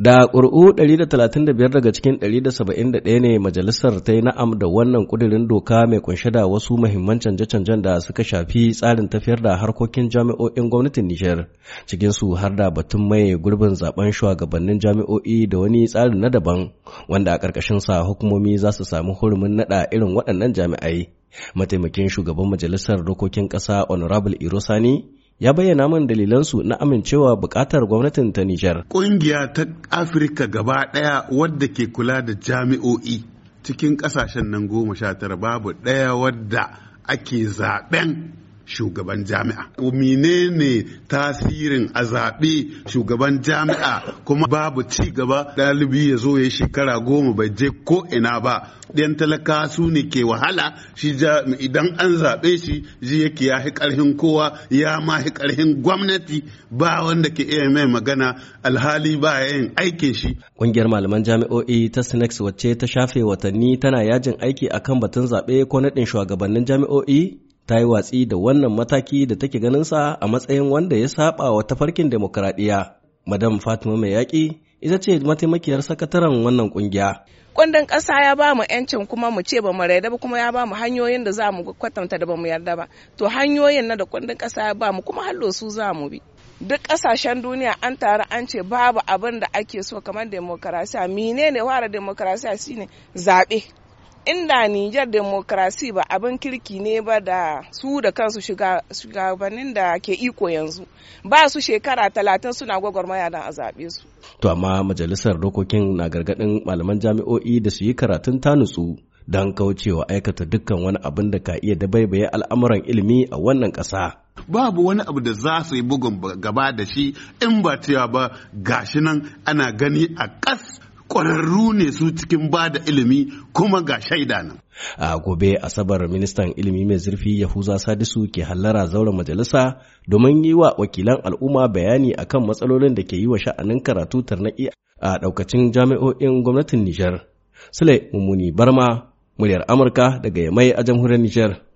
Da ƙuri'u 135 daga cikin 171 ne majalisar ta yi na'am da wannan ƙudurin doka mai kunshe da wasu muhimman canje-canjen da suka shafi tsarin tafiyar da harkokin jami'o'in gwamnatin Nijar, cikin su har da batun mai gurbin zaben shugabannin jami'o'i da wani tsarin na daban, wanda a ƙarƙashin sa hukumomi za su samu hurumin naɗa irin waɗannan jami'ai. Mataimakin shugaban majalisar dokokin ƙasa Honorable Irosani ya bayyana min dalilansu na amincewa bukatar gwamnatin ta Nijar. Ƙungiya ta Afirka gaba ɗaya wadda ke kula da jami'o'i cikin ƙasashen nan goma sha tara babu ɗaya wadda ake zaɓen shugaban jami'a menene tasirin a zaɓe shugaban jami'a kuma babu ci gaba ɗalibi ya zo ya shekara goma bai je ko ina ba ɗan talaka su ne ke wahala shi idan an zaɓe shi ji yake ya fi ƙarfin kowa ya ma fi ƙarfin gwamnati ba wanda ke iya mai magana alhali ba ya yin aikin shi. Ƙungiyar malaman jami'o'i ta Sinex wacce ta shafe watanni tana yajin aiki akan batun zaɓe ko naɗin shugabannin jami'o'i ta yi watsi da wannan mataki da take ganinsa a matsayin wanda ya saba wa tafarkin demokuraɗiyya. Madam Fatima mai yaƙi ita ce mataimakiyar sakataren wannan kungiya. Kundin ƙasa ya ba mu 'yancin kuma mu ce ba mu yarda ba kuma ya ba mu hanyoyin da za mu kwatanta da ba mu yarda ba. To hanyoyin na da kundin ƙasa ya ba mu kuma hallo su za mu bi. Duk ƙasashen duniya an taru an ce babu abin da ake so kamar demokarasiya. Menene wara demokarasiya shine zaɓe. inda Nijar demokrasi ba abin kirki ne ba da su da kansu shugabannin da ke iko yanzu ba su shekara talatin suna gwagwarmaya don a zaɓe su. To amma majalisar dokokin na gargaɗin malaman jami'o'i da su yi karatun nutsu, don kaucewa aikata dukkan wani abin da ka iya dabaibaye al'amuran ilimi a wannan ƙasa. babu wani abu da za su yi bugun gaba da shi in ba cewa ba gashi nan ana gani a ƙas Kwararru ne su cikin ba da ilimi kuma ga shaida nan. A gobe Asabar ministan ilimi mai zurfi Yahuza Sadisu ke hallara zauren majalisa domin yi wa wakilan al'umma bayani akan matsalolin da ke yi wa sha'anin karatu tarnaƙi a ɗaukacin jami'o'in gwamnatin Nijar. Sule Mummuni Barma, muryar Amurka daga Yamai a jamhuriyar Nijar.